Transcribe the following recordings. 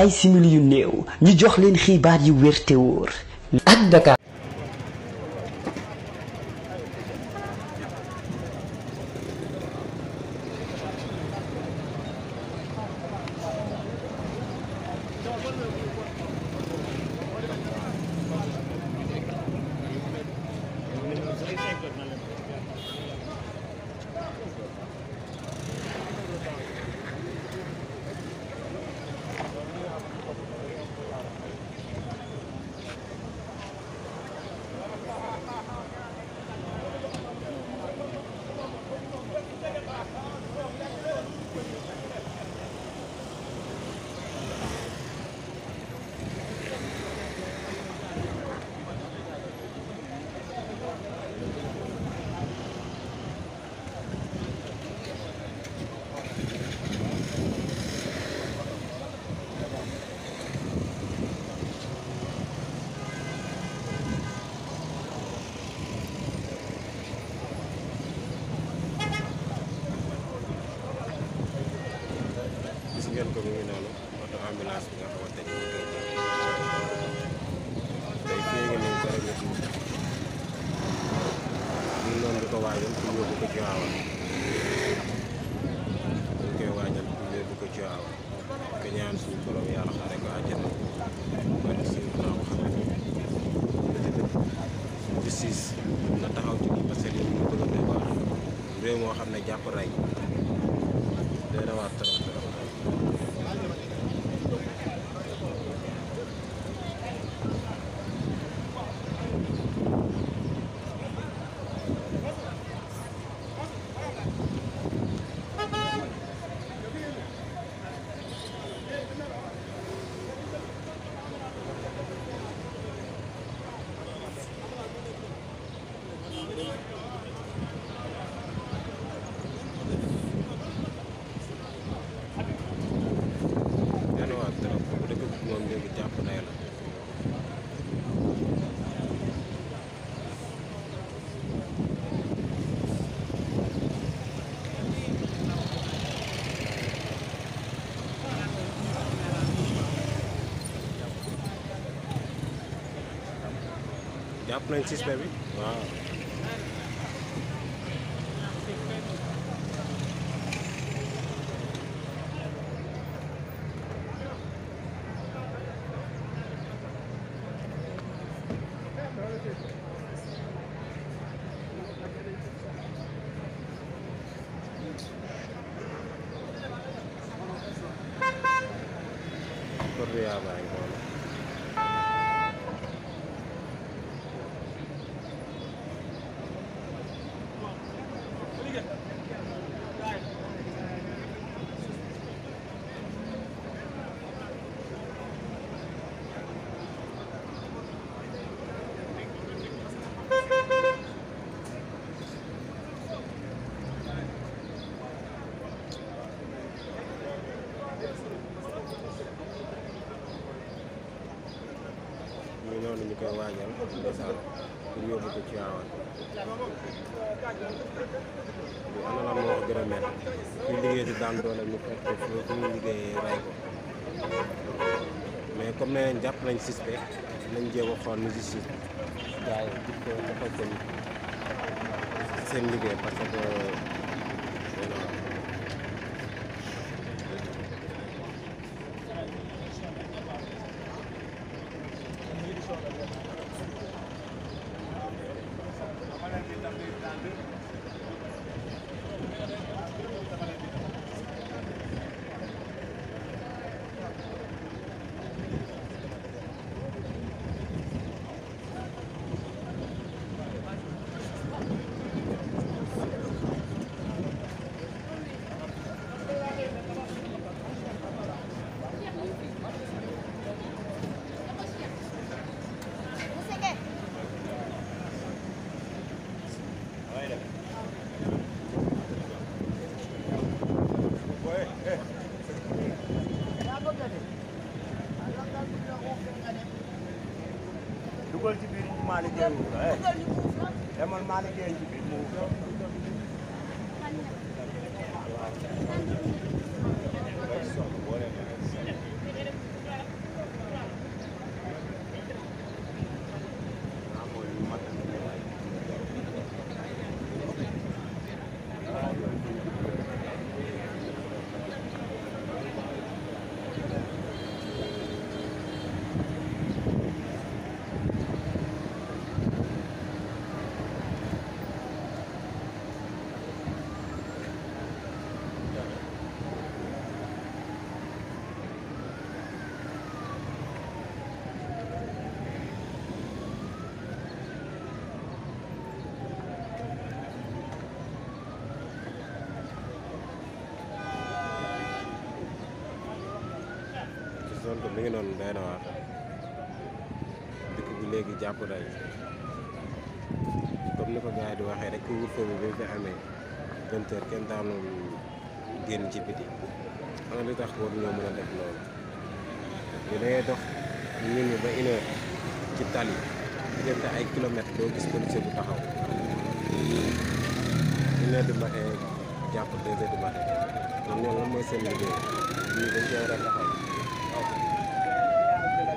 ay simili yu néew ñu jox leen xibaar yu wér ak Dakar. Tiwaawan ñu koy waajal bu suñu borom yàlla xare ko àjjana bari suñu naaw taxaw ci parce que lii ñu bëgg a baax réew moo xam ne jàpp rey dana waar jàpp nañ système bi waaw. Correa, vai. waajal ndeysaan pour yóbbu ko Tiwaawan lu ana lan moo gën a métti kuy liggéey di daan doole ñu fekk ko fu ñu liggéeyee rey ko mais comme nañ jàpp nañ suspect nañ jéem a xool nu justice gars yi ko seen seen liggéey parce que Malick Gueye demal eh? eh, Malick Gueye ci biir mu waaw mi ngi noonu day bi léegi jàpp day comme ni ko gars yi di waxee rek couvre-feu bi fi amee vingt kenn daanoon génn ci biti xam nga li tax war ñoo mën a def loolu ñu dangay dox nit ñi ba une ci tali diggante ay kilomètres doo gis policier bu taxaw une heure du jàpp deux heures du matin ñoom ñoom lan mooy seen liggéey ñii dañ koy taxaw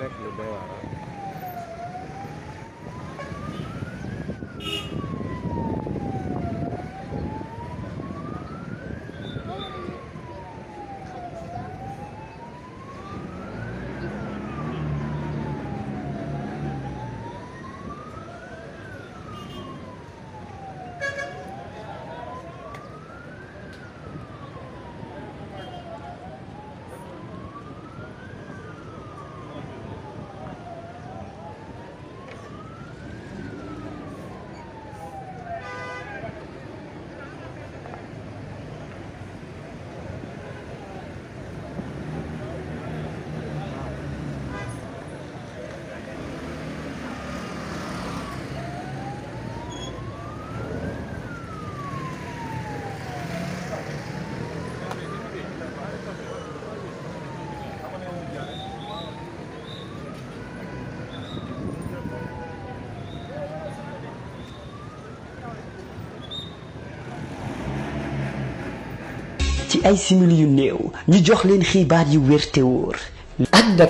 nekk lu doy waar ah. ci ay simili yu néew ñu jox leen xibaar yu wér te wóor. ak Dakar